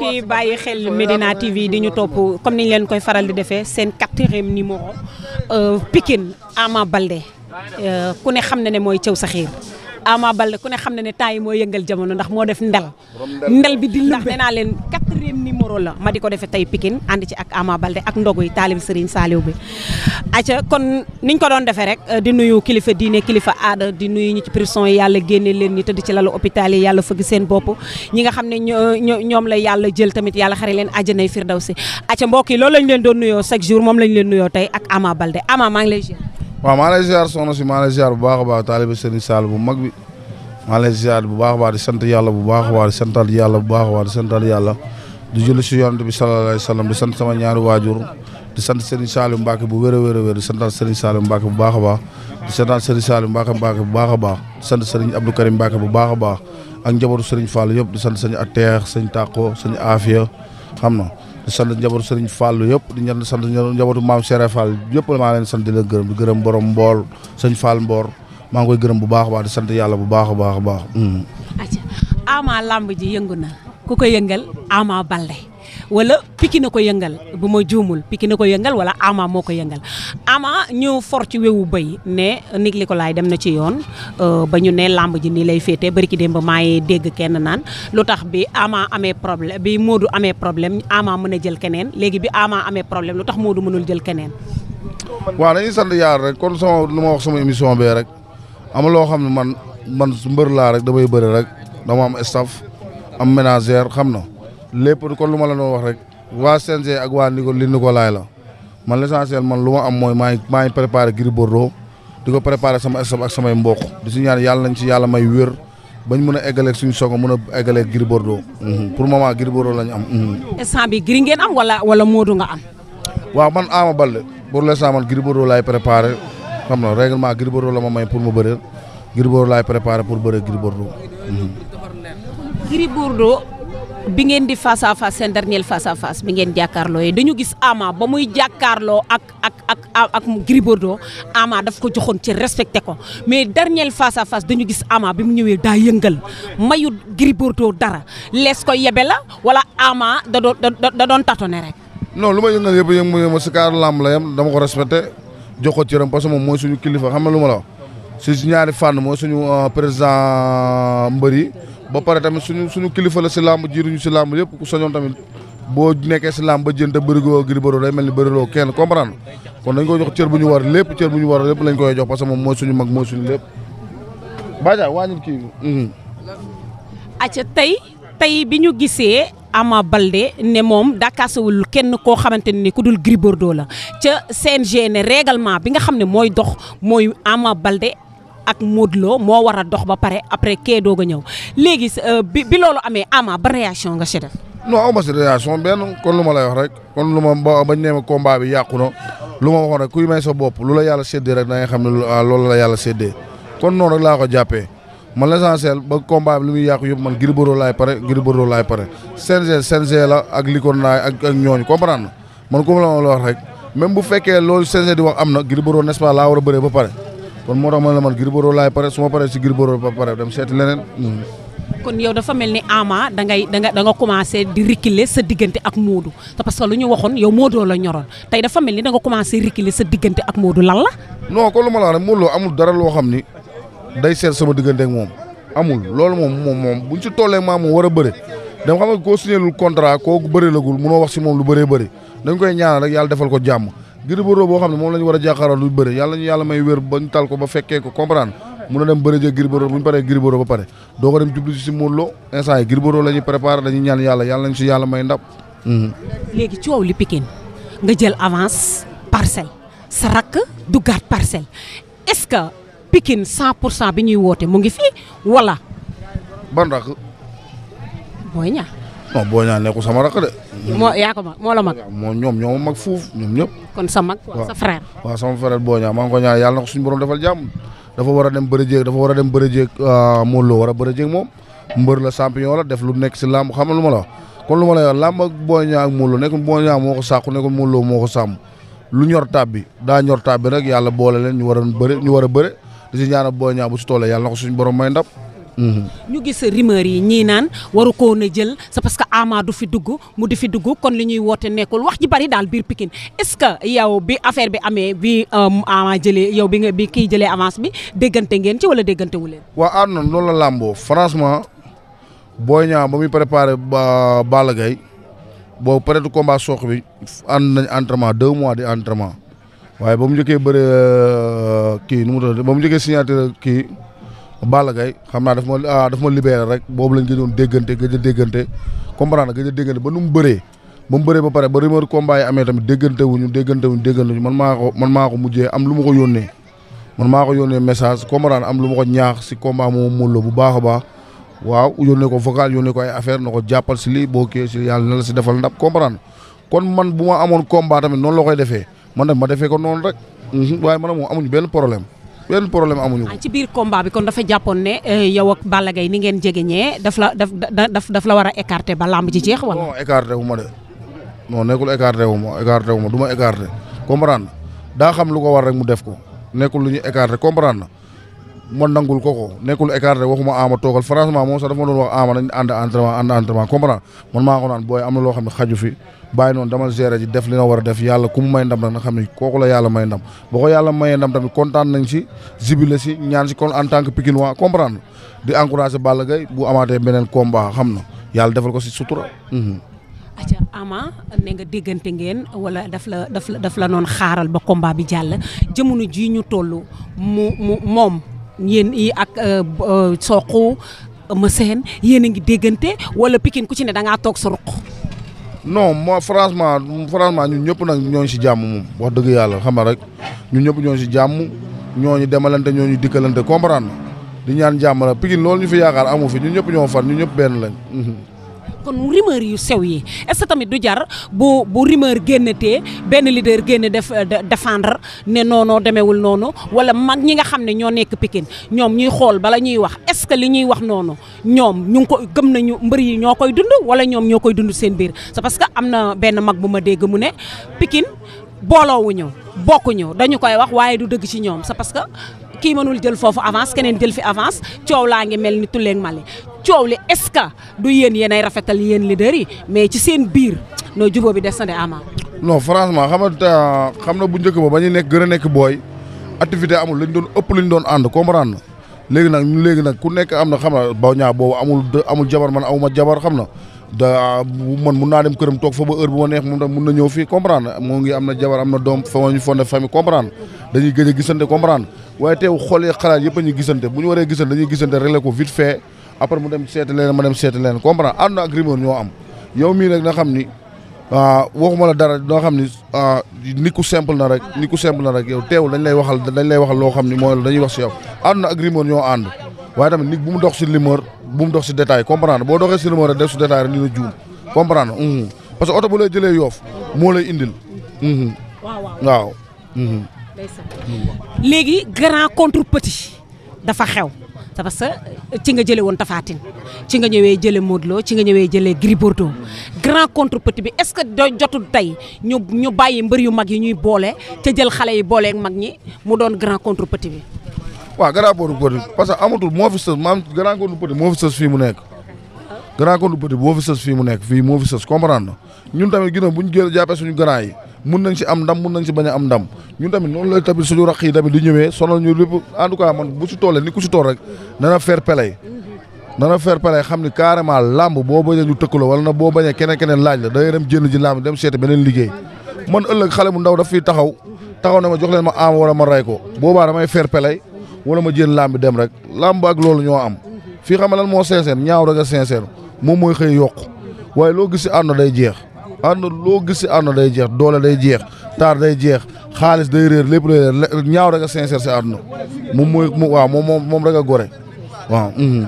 kii bàyyi xel Medina yi di ñu topp comme ni leen koy faral di defee seen quatrième numéro euh, Pikine Ama Baldé euh, ku ne xam ne ne mooy Thiaw Sakhir Ama Baldé ku ne xam na ne temps yi moo yëngal jamono ndax moo def ndel ndel bi di ndax nee naa leen quatrième numéro la ma di ko defee tey pikin ànd ci ak Ama Baldé ak ndogu yi taalib Serigne Saliou bi aca kon niñ ko doon defee rek euh, di nuyu kilifa diine kilifa aada di nuyu ñi ci prison yi yàlla génne leen ñi tëdd ci lalu hôpital yi yàlla fëgg seen bopp ñi nga xam ne ñoom la yàlla jël tamit yàlla xare leen àjjanay firdawsi aca mbokk yi loolu lañ leen doon n chaque jour moom lañ leen nuyoo tey ak Ama Baldé Ama maa lay waaw maa lay ziar soxna si maa lay ziar bu baax a baax taalibe Serigne Sall bu mag bi maa lay bu baax a di sant yàlla bu baax a baax di santal yàlla bu baax a baax di santal yàlla di julli si yonent bi sallallahu alayhi wa sallam di sant sama ñaari waajur di sant Serigne Saliou Mbacke bu wér a wér a wér di santal Serigne Saliou Mbacke bu baax a baax di santal Serigne Saliou Mbacke Mbacke bu baax a baax di sant Serigne Abdou Karim Mbacke bu baax a baax ak njabootu Serigne Fall yëpp di sant sëñ Ateex sëñ Tako sëñ Afia xam na di sant njabootu Serigne Fall yëpp di ñaan sant njabootu maam Cheikh Fall yëpp maa leen sant di la gërëm di gërëm borom mbool sëñ Fall mboor maa ngi koy gërëm bu baax a baax di sant yàlla bu baax a baax a baax. Hmm. Ama lamb ji yëngu ku ko yëngal Ama Baldé wala piki na ko yëngal bu ma juumul piki na ko yëngal wala ama moo ko yëngal ama ñu for ci wewu béy ne nig li ko laay dem na ci yoon euh, ba ñu ne làmb ji nii lay féete bari ki démb ba maa ngi dégg kenn naan lu tax bi ama amee problème bi moo du amee problème ama mën a jël keneen léegi bi ama amee problème lu tax du mënul jël keneen waaw dañuy sant yaar rek kon sama nu ma wax sama émission bee rek ama loo xam ne man man mbër laa rek damay bëri rek dama am staff am ménagère xam na lépp kon lu ma la doon wax rek waa CNG ak waa Nico li Nico laay la man l'essentiel man lu ma am mooy maa ngi maa ngi préparé Gris Bordeaux di ko préparé sama staff ak samay mbokk di si ñaan yàlla nañ ci yàlla may wér bañ mun a eggaleeg suñu soog a mën a eggaleeg Gris Bordeaux. Mhm. pour moment Gris Bordeaux lañ am. Mhm. instant bi Gris ngeen am wala wala nga am. waaw man Ama Baldé pour l'instant man Gris Bordeaux laay préparé xam na règlement Gris Bordeaux la ma may pour ma bëre Gris Bordeaux laay préparé pour bëre Gris Bordeaux. Mhm. bi ngeen di face à face seen dernier face à face bi ngeen jàkkaarloo yi dañu gis Ama ba muy jàkkaarloo ak ak ak ak Gris daf ko joxoon ci respecté ko mais dernier face à face dañu gis Ama bi mu ñëwee daa yëngal mayu Gris Bordeaux dara lees ko yebe la wala Ama da doon da doon tâtonner rek. non lu ma yëngal yëpp yëngu ma yëngu si kaar làmb la yam dama ko respecté jox ko cëram parce moom mooy suñu kilifa xam lu ma la si ñaari fànn mooy suñu euh, président mbër ba pare tamit suñu suñu kilifa la si làmb jiiruñu si làmb lépp ku soñoon tamit boo nekkee si làmb ba jënd te bërigoo Gris Bordeaux day mel ni bëriloo kenn comprendre kon dañ koy jox cër bu ñu war lépp ñu war lépp lañ koy jox parce que moom mooy suñu mag mooy suñu lépp Badja wàññil kii mhm. acca tey tey bi ñu gisee Ama Baldé ne moom dakasawul kenn koo xamante ne ku dul Gris Bordeaux la ca CNG ne règlement bi nga xam ne mooy dox mooy Ama Baldé ak Modou Lo moo war a dox ba pare après kee doog a ñëw léegi euh, bi bi loolu Ama ba réaction nga si def. non ma si réaction benn kon lu ma lay wax rek kon lu ma bañ nee ma combat bi yàqu na lu ma waxoon rek kuy may sa bopp lu la yàlla séddee rek da nga xam ne ah, loolu la yàlla séddee kon noonu laa ko jàppee. man l'essentiel ba combat bi yàqu yëpp man Gris Bordeaux laay pare Gris Bordeaux laay pare CNG CNG la ak likoon naay ak ak ñooñu comprendre na man ko ma la wax rek même bu fekkee loolu CNG di wax am na Gris Bordeaux n'est-ce laa war a bëree ba pare kon moo tax ma la man Gris Bordeaux laay pare su ma paree si Gris Bordeaux pare dem seeti leneen. kon yow dafa mel ni Ama da ngay da nga da nga commencé di reculer sa diggante ak Modou te parce que lu ñu waxoon yow Modou la ñoroon tey dafa mel ni da nga commencé reculer sa diggante ak Modou lan la. ma la wax rek Modou loo amul dara loo xam ni day seet sama diggante moom amul loolu moom moom moom bu buñ si tollee maa moom war a bëre dama xam ne koo signé lul contrat koo bëre lagul mun wax si moom lu bëree bëri dañ koy ñaanal rek yàlla defal ko jàmm. ngir bu boo xam ne moom la ñu war lu beure yalla ñu yalla may wër bañ tal ko ba fekke ko comprendre mu na dem bëri jëg Gris Bordeaux bu ñu paree Gris Bordeaux ba paré do ko dem djublu ci si Lo instant yi Gris Bordeaux la ñuy préparé dañuy ñaan yalla yalla lañu ci yalla may ndab ci waw li Pikine nga jël avance parcelle sa rakk du gaat parcelle est-ce que Pikine 100 bi ñuy woté mu ngi fi wala ban rak Boy ñaa non boo ñaan nekkul sama rakk de. moo yaa ko mag moo la mag. moo ñoom ñoo mag fuuf ñoom ñëpp. kon sa mag waaw sa frère. sama frère boo ñaan maa ngi ko ñaan yàlla na ko suñu borom defal jàmm dafa war a dem bëri jéeg dafa war a dem bëri jéeg ah, Modou Lo war a bëri jéeg moom mbër la champion la def lu nekk si làmb xam lu ma la kon lu ma la wax làmb ak boo ñaan ak Modou Lo nekkul boo ñaan moo ko sàkku nekkul Modou Lo moo ko sàmm lu ñor tab bi daa ñor tab bi rek yàlla boole leen ñu war a ñu war a bëri di si ñaanal boo bu si toolee yàlla na suñu borom may ndam Mm-hmm. ñu gis rumeur yi ñi naan waru ko na jël c'est parce que ama dufidugu fi dugg mu di fi dugg kon li ñuy woté nekul wax ji bari dal bir pikine est-ce que yow bi affaire bi amé bi euh, ama jëlé yow bi nga bi ki jëlé avance bi dégante ngeen ci wala dégante wu wa arnon loolu la lambo franchement boy ñaa ba mi préparer balla gay bo peut être combat sox bi and nañ entraînement 2 mois di entraînement waye bamu joké jëkke euh, ki numu do bamu joké signature ki Balla Gaye xam naa daf ma ah, daf ma libéré rek boobu lañ gëjoon déggante gëj a déggante comprendre gëj a déggante ba nu mu bëree ba mu bëree ba pare ba rumeur combat amee tamit déggante wuñu déggante wuñu man maa ko man maa ko mujjee am lu ma ko yónnee man maa ko yónnee message comprendre am lu ma ko ñaax si combat moom mullo bu baax a baax waaw yónnee ko vocal yónnee ko affaire na ko jàppal si lii boo kee si yàlla na la si defal ndab comprendre kon man bu ma amoon combat tamit noonu la koy defee man nag ma defee ko noonu rek mhm, waaye man moom amuñu benn problème benn problème amuñu ko. Ah, ci biir combat bi kon dafa jàppoon ne eh, yow ak Balla Gaye ni ngeen jegeñee daf la daf daf daf la war a écarter ba làmb ji jeex wala. non écarter wu ma de non nekkul écarter wu ma écarter wu ma du ma écarter comprendre daa xam lu ko war rek mu def ko nekkul lu ñu écarter comprendre na ma nangul ko ko nekkul écarté waxuma ama toogal franchement moom sax dafa ma doon wax ama nañ ànd entraînement ànd entraînement comprendre man maa ko naan na loo ne xaju fi bàyyi noonu dama gérer ji def li a def yàlla ku mu may ndam la yàlla may ndam boo ko yàlla mayee ndam tamit kontaan nañ si jibile si ñaan si kon en tant que Pikinois di encouragé Balla Gaye bu amaatee beneen combat xam na yàlla defal ko si sutura mhm. aca ama ne nga déggante ngeen wala daf la daf la noon xaaral ba combat bi jàll jamono ji ñu toll moom yéen i ak euh, euh, soqu ma yéen a ngi déggante wala Pikine ku ci ne da ngaa toog sa ruq. non moi franchement franchement ñun ñëpp nag ñoo si jàmm moom wax dëgg yàlla xam nga rek ñu ñëpp ñoo si jàmm ñoo ñu demalante ñoo ñu dikkalante comprendre di ñaan jàmm la Pikine loolu ñu fi yaakaar amu fi ñu ñëpp ñoo far ñun ñëpp benn lañ. Mhm. kon rumeur yu sew yi est que tamit du jar bu bu rumeur génnatee benn leader génn def euh, défendre ne noonoo demewul noonu wala mag ñi nga xam ne ñoo nekk Pikine ñoom ñuy xool bala ñuy wax est-ce que li ñuy wax noonu ñoom ñu ngi ko gëm nañu mbër yi ñoo koy dund wala ñoom ñoo koy dund seen biir c'est parce que am na benn mag bu ma dégg mu ne Pikine booloowuñu bokkuñu dañu koy wax waaye du dëgg ci ñoom c'est parce que kii mënul jël foofu avance keneen jël fi avance coow laa ngi mel ni tulleeg mali coow li est-ce que du yéen yéenay rafetal yéen leader yi mais ci seen biir noo jubóo bi des na de Ama. non franchement xam nga euh, xam na bu njëkk ba ba ñu nekk gën a nekk booy activité amul lañ doon ëpp lañ doon ànd comprendre na léegi nag ñu léegi nag ku nekk am na xam na ba ñaa boobu amul amul jabar man xam na da man mun naa dem ñëw fii comprendre moo ngi am na jabar am na doom fa ma ñu fondé famille comprendre dañuy gëj a gisante comprendre waaye teew xoolee xalaat yëpp ñu ñuy gisante bu ñu waree gisante dañuy gisante réglé ko vite fait après mu dem sété leen ma dem sété leen comprend àdduna ak rumeur ñoo am yow mi nak na xam ni ah, waxuma la dara do xam ni ah, ni ku simple na rek ni ku simple na rek yow téw dañ lay waxal dañ lay waxal lo xam ni mooy dañuy wax ci yow àdduna ak rumeur ñoo ànd waaye tamit nit bu mu dox ci limeur bu mu dox ci détail comprend bo doxé ci limeur rek def si détail ni la joom comprend hmm parce que auto bu lay jëlé yoof mo lay indil hmm waaw waaw mhm. légui grand contre petit dafa xew te que ci nga jëlee woon Tapha Tine ci nga ñëwee jëlee Modou Lo ci nga ñëwee jëlee Gris Bordeaux grand contre petit bi est-ce que doo jotul tey ñu ñu bàyyi mbër yu mag yi ñuy boole ca jël xale yi booleeg mag ñi mu doon grand contre petit bi. waaw grand contre petit parce que amatul moo fi sës maam grand contre petit moo fi sës fii mu nekk. grand contre petit moo fi sës fii mu nekk fii moo fi sës comprendre na ñun tamit ginnaaw bu ñu jël jàppee suñu grand yi. mun nañ si am ndam mun nañ si bañ a am ndam ñun tamit noonu la tamit suñu raq yi tamit di ñëwee sonal ñu lépp en tout cas man bu si toolee ni ku si tool rek nana fair play nana fair play xam ni carrément làmb boo bañee ñu tëkk la wala na boo bañee keneen keneen laaj la day dem jënd ji làmb dem seeti beneen liggéey man ëllëg xale mu ndaw daf fiy taxaw taxaw ne ma jox leen ma am wala ma ray ko boobaa damay fair play wala ma jënd làmb dem rek làmb ak loolu ñoo am fii xam lan moo sincère ñaaw rek a sincère mooy xëy yokk waaye loo gis si àdduna day jeex àdduna loo gis si àdduna day jeex doole day jeex taar day jeex xaalis day réer lépp day ñaaw rek a sincère si àdduna moom mooy waaw moom moom rek a gore waaw. Mhm.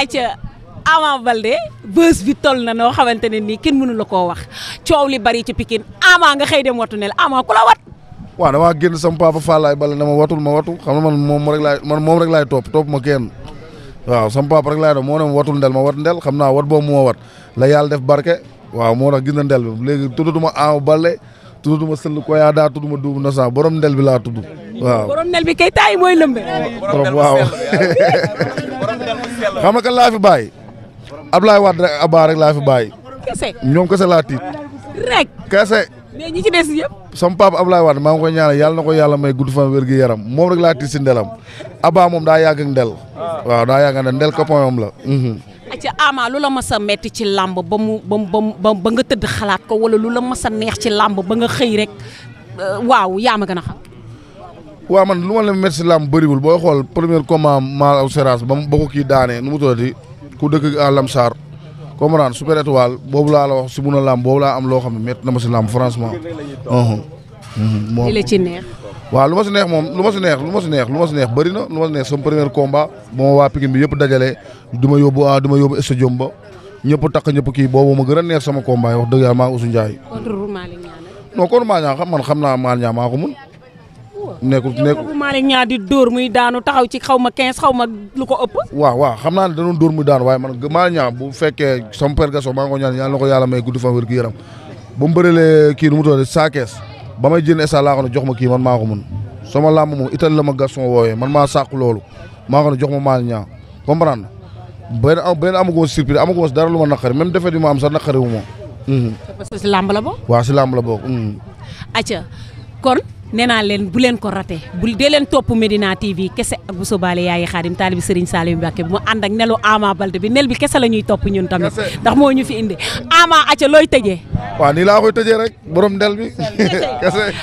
ayca Ama Balde bés bi toll na noo xamante ne nii kenn mënu la koo wax coow li bari ci Pikine Ama nga xëy dem wattu ne la Ama ku la wat. waaw damaa génn sama papa Fallaye Balla ne ma watul ma watu xam nga man moom rek laay man moom laay topp topp ma kenn. waaw sama papa rek laay def moo ne ma watul ndel ma wat ndel xam naa wat boobu moo wat la yàlla def barke waaw moo tax gis na ndel bi léegi tuddatuma Ama Baldé tudduma sëll Koyaadaa tudduma Double Nassar borom ndel bi borom ndel bi kay taay waaw xam nga kan laa fi bàyyi. Ablaye Wade rek Abba rek laa fi bàyyi. ñoom kese laa tiit. sama papa Ablaye Wade maa ngi koy ñaanal yàlla na ko yàlla may gudd fan wér gi yaram moom rek laa tiis si ndelam Aba moom daa yàgg ndel ah. waaw daa yàgg ak ndel ndel copain la. Mhm. acca Ama la mës a metti ci làmb ba mu ba mu ba nga tëdd xalaat ko wala lu la mës a ci làmb ba nga xëy rek euh, waaw yaa ma gën a xam. waaw man la metti si làmb xool premier combat Malaw ba ba ko kii daane nu mu tuddati ku dëkk à Lamsar. comprendre super étoile boobu laa la wax si mun a làmb boobu laa am loo xam ne met na ma si làmb franchement. moom li la lu ma si neex moom lu ma si neex lu ma si neex lu ma si neex bëri na lu ma si neex sama premier combat ba ma waa Pikine bi yëpp dajale du ma yóbbu ah du ma yóbbu stadium ba ñëpp takk ñëpp kii boobu ma gën a neex sama combat yi wax dëgg yàlla maa ngi Ousseynou Ndiaye. contre Malick Niang non xam man xam naa Malick Niang maa ko nekkul nekkul bu Malick Niang di daanu taxaw ci xaw ma 15 xaw ma lu ko ëpp. waaw waaw xam naa ne danoon dóor muy daanu waaye man Malick Niang bu fekkee sama père Gaston maa ngi ko ñaan ko yàlla may gudd fan wér gu yaram ba mu bërelee kii nu mu tuddati saa kees ba a jënd esa laa ko ne jox ma kii man maa ko mën sama làmb moom ital la ma Gaston woowee man maa sàq loolu maa ko ne jox ma Malick Niang comprendre benn benn amagu ma surprise amagu ma dara lu ma naqari même defet yi ma am sa naqari wu ma. Mhm. la bokk. waaw si làmb la nee naa leen bu leen ko raté bu dee leen topp Medina TV kese ak bu sobaale yaayi xaadim taalibi Serigne Saliou Mbacké bi mu ànd ak nelu Ama Baldé bi nel bi kese la ñuy topp ñun tamit ndax moo ñu fi indi Ama aca looy tëjee waaw nii laa koy tëjee rek borom ndel bi